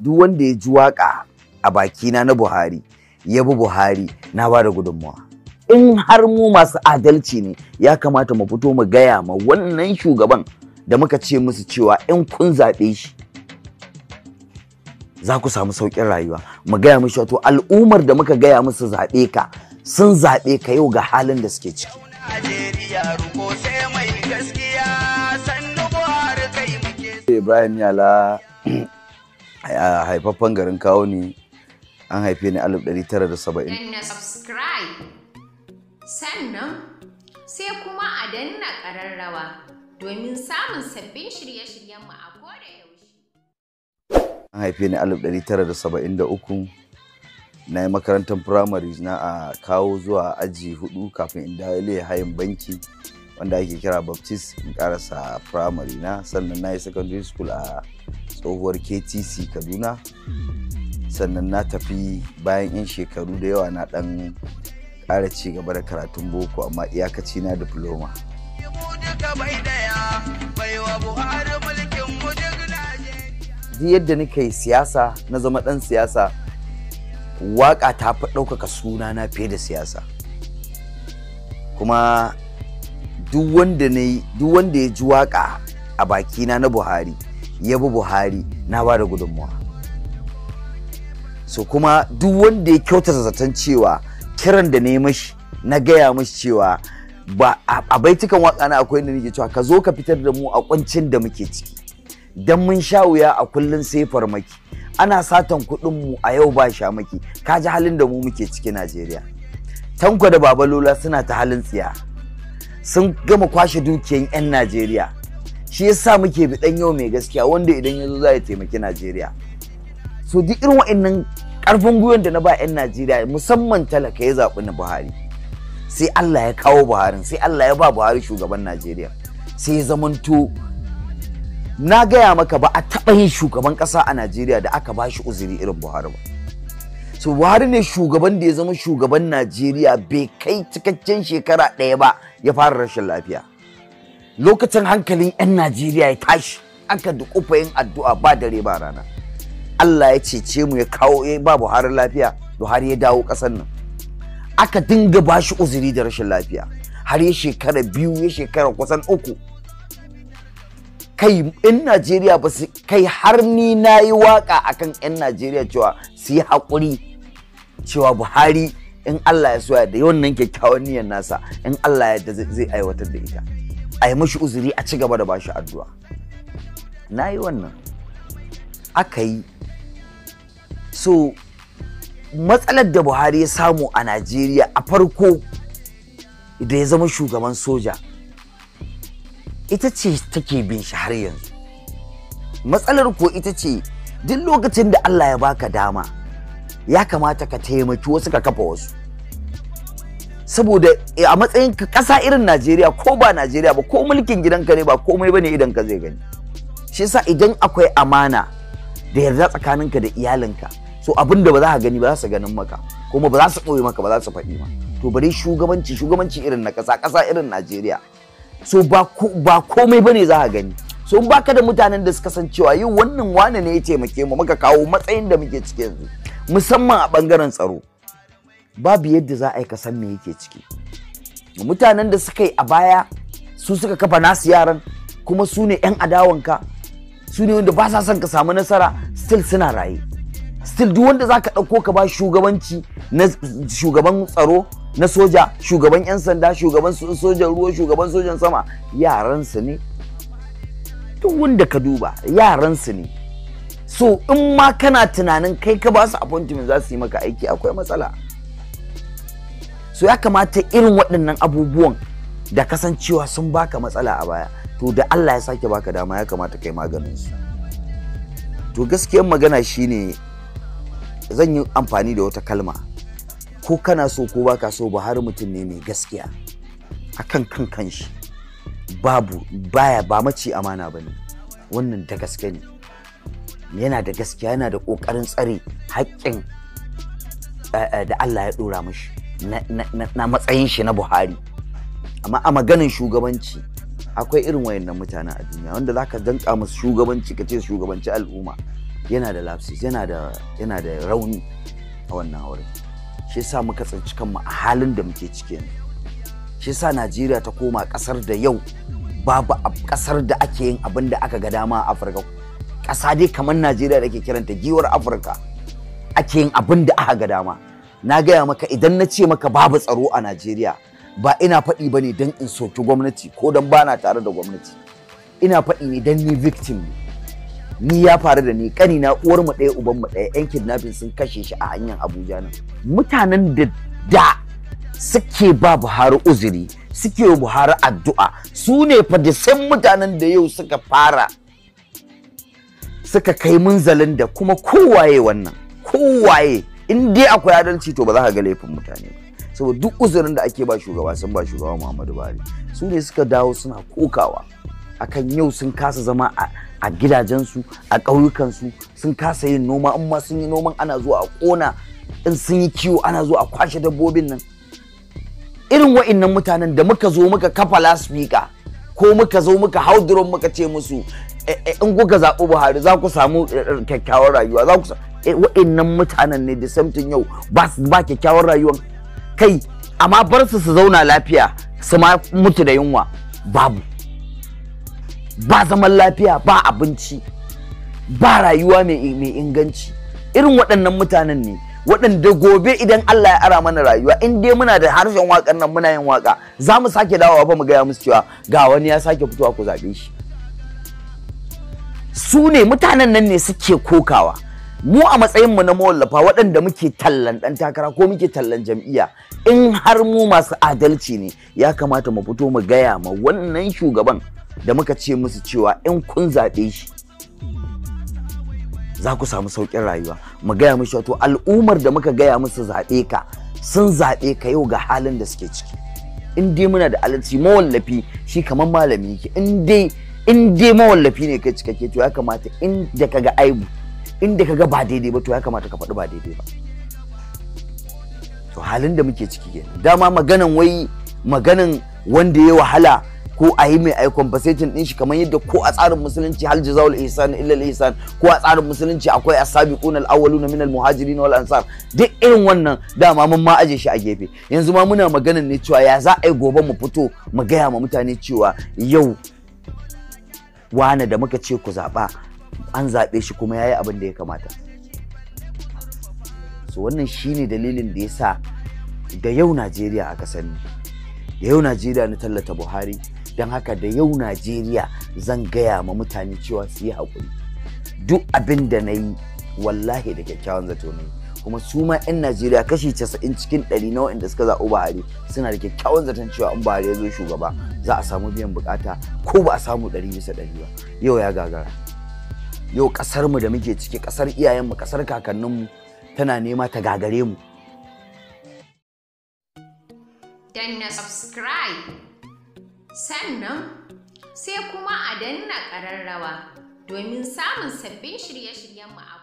duk wanda ya ji waka a bakina na Buhari ya bi Buhari na ba da gudunmawa. In har mu masu adalci ne ya kamata mu fito mu gaya ma wannan shugaban da muka ce musu cewa in kun zaɓe shi za ku samu sauƙin rayuwa mu gaya musu wato al'ummar da muka gaya musu zaɓe ka sun zaɓe ka yau ga halin da suke ciki. Ibrahim Yala a haifaffen garin kawo ne an haife ni 1970 sannan sai kuma a danna kararrawa domin samun sabbin shirye-shiryenmu a koda yaushe an haife ni 1973 na yi makarantar firamare na a kawo zuwa aji hudu kafin in dawo hayin banki wanda ake kira baptist in karasa firamare na sannan na yi secondary school a tsohuwar ktc kaduna sannan na tafi bayan 'yan shekaru da yawa na ɗan ƙara ci gaba da karatun boko amma iyakaci na diploma duk yadda nika yi siyasa na zama ɗan siyasa waƙa ta fi ɗaukaka suna na fiye da siyasa kuma duk wanda ya ji waƙa a bakina na buhari ya bi buhari na ba da gudunmawa so kuma duk wanda ya kyautata zaton cewa kiran da na mashi na gaya mashi cewa ba a baitukan waka na akwai da nake cewa ka zo ka fitar da mu a kwancin da muke ciki dan mun sha wuya a kullun sai farmaki ana satan kuɗin mu a yau ba sha maki ka ji halin da mu muke ciki Najeriya Tanko da Baba suna ta halin tsiya sun gama kwashe dukiyan 'yan Najeriya shi sa muke ɗan yau mai gaskiya wanda idan ya zo za ya taimaki najeriya so duk irin wa'annan karfin gwiwan da na ba 'yan najeriya musamman talaka ya zaɓi na buhari sai allah ya kawo Buhari, sai allah ya ba buhari shugaban najeriya sai ya zamanto na gaya maka ba a taɓa yin shugaban ƙasa a najeriya da aka ba shi uzuri irin buhari ba so buhari ne shugaban da ya zama shugaban najeriya bai kai cikakken shekara ɗaya ba ya fara rashin lafiya lokacin hankalin 'yan najeriya ya tashi an aka kufa yin addu'a ba dare ba rana allah ya cece mu ya kawo ya ba buhari lafiya buhari ya dawo ƙasar nan aka dinga ba shi uzuri da rashin lafiya har ya shekara biyu ya shekara kusan uku kai 'yan najeriya ba su kai har ni na yi waka kan 'yan najeriya cewa su yi haƙuri cewa buhari in allah ya soya da wannan kyakkyawan niyyar nasa in allah ya zai aiwatar da ita a yi mashi uzuri a ci gaba da bashi addu'a na yi wannan aka yi so matsalar da buhari ya samu a najeriya a farko da ya zama shugaban soja ita ce take bin shi har yanzu matsalar ko ita ce duk lokacin da allah ya baka dama ya kamata ka taimaki wasu ka kafa wasu saboda eh, a matsayin ƙasa irin Najeriya ko ba Najeriya ba ko mulkin gidanka ne ba komai bane idan ka zai gani shi yasa idan akwai amana da yarda tsakaninka da iyalinka so abin da ba za ka gani ba za su ganin maka kuma ba za su ɓoye maka ba za su faɗi ma to bari shugabanci shugabanci irin na ƙasa ƙasa irin Najeriya so ba komai bane za ka gani so in baka da mutanen da suka san cewa yau wannan wane ne ya taimake mu muka kawo matsayin da muke ciki yanzu musamman a bangaren tsaro babu yadda za a yi kasan me yake ciki mutanen da suka yi a baya su suka kafa nasu yaran kuma su ne 'yan adawanka su ne wanda ba sa son ka samu nasara still suna raye still duk wanda za ka ɗauko ka ba shugabanci na shugaban tsaro na soja shugaban 'yan sanda shugaban sojan ruwa shugaban sojan sama yaransu ne duk wanda ka duba yaransu ne so in ma kana tunanin kai ka ba su appointment za su yi maka aiki akwai matsala so ya kamata irin waɗannan abubuwan da kasancewa sun baka matsala a baya to da Allah ya sake baka dama ya kamata kai maganin su to gaskiyar magana shine zan yi amfani da wata kalma ko kana so ko baka so ba har mutum ne mai gaskiya akan kan kanshi babu baya ba mace amana bane wannan da gaske ne yana da gaskiya yana da ƙoƙarin tsare haƙƙin eh, eh, da Allah ya ɗora mashi na matsayin shi na buhari amma a maganin shugabanci akwai irin wayannan mutane a duniya wanda zaka danka musu shugabanci ka ce shugabanci al'umma yana da lapses yana da yana da rauni a wannan wurin shi yasa muka tsinci kanmu a halin da muke ciki ne shi yasa Najeriya ta koma kasar da yau babu a kasar da ake yin abin da aka ga dama a Afirka kasa dai kamar Najeriya da ke kiranta giwar Afirka ake yin abin da aka ga dama na gaya maka idan na ce maka babu tsaro a Najeriya ba ina faɗi ba ne don in soki gwamnati ko don bana tare da gwamnati ina faɗi ne don ni victim ne ni ya faru da ni kani na uwar mu ɗaya uban mu ɗaya yan kidnapping sun kashe shi a hanyar Abuja nan mutanen da da suke ba Buhari uzuri suke Buhari addu'a su ne fa da san mutanen da yau suka fara suka kai munzalin da kuma kowaye wannan kowaye in dai akwai adalci to ba za ka ga laifin mutane ba saboda duk uzurin da ake ba shugaba sun ba shugaba Muhammadu Buhari su ne suka dawo suna kokawa akan yau sun kasa zama a gidajensu a ƙauyukansu sun kasa yin noma in ma sun yi noman ana zuwa a ƙona in sun yi kiwo ana zuwa a kwashe dabbobin nan irin wa'innan mutanen da muka zo muka kafa laspika ko muka zo muka hauduron muka ce musu eh, eh, in kuka zaɓi buhari za ku samu eh, kyakkyawar rayuwa za ku Eh, wa'innan mutanen ne da samtin yau ba su ba kyakkyawar rayuwar kai amma bar su su zauna lafiya su ma mutu da yunwa babu ba zaman lafiya ba abinci ba rayuwa mai inganci irin waɗannan mutanen ne waɗanda gobe idan Allah ya ara mana rayuwa in dai muna da harshen waƙar nan muna yin waƙa za mu sake dawowa ba mu gaya musu cewa ga wani ya sake fitowa ku zaɓe shi su ne mutanen nan ne suke kokawa mu a matsayin mu na mawallafa waɗanda muke tallan ɗan takara ko muke tallan jam'iyya in har mu masu adalci ne ya kamata mu fito mu gaya ma wannan shugaban da muka ce musu cewa in kun zaɓe shi za ku samu sauƙin rayuwa mu gaya musu wato al'ummar da muka gaya musu zaɓe ka sun zaɓe ka yau ga halin da suke ciki in dai muna da adalci mawallafi shi kamar malami yake in dai in dai mawallafi ne kai cikakke to ya kamata in da kaga aibu inda ka ga ba daidai ba to ya kamata ka faɗi ba daidai ba to halin da muke ciki kenan dama maganan wai maganan wanda ya wahala ko a yi mai aikon fasetin din shi kamar yadda ko a tsarin musulunci hal jazaul ihsan illa al ihsan ko a tsarin musulunci akwai asabiqun al awwaluna min al muhajirin wal ansar duk irin wannan dama mun ma aje shi a gefe yanzu ma muna maganan ne cewa ya za a yi gobe mu fito mu gaya ma mutane cewa yau wane da muka ce ku zaɓa an zaɓe shi kuma ya yi abin da ya kamata so wannan shine dalilin da ya sa da yau najeriya aka sani da yau najeriya na tallata buhari don haka da yau najeriya zan gaya ma mutane cewa su yi haƙuri duk abin da na yi wallahi da kyakkyawan zato ne kuma su ma 'yan najeriya kashi 90 cikin 100 na wa'anda suka zaɓi buhari suna da kyakkyawan zaton cewa in buhari ya zo shugaba za a samu biyan bukata ko ba a samu 100 bisa 100 ba yau ya gagara yau kasar mu da muke ciki kasar iyayenmu kasar kakanninmu tana nema ta gagare mu danna subscribe sannan sai kuma a danna ƙararrawa domin samun sabbin shirye-shiryenmu a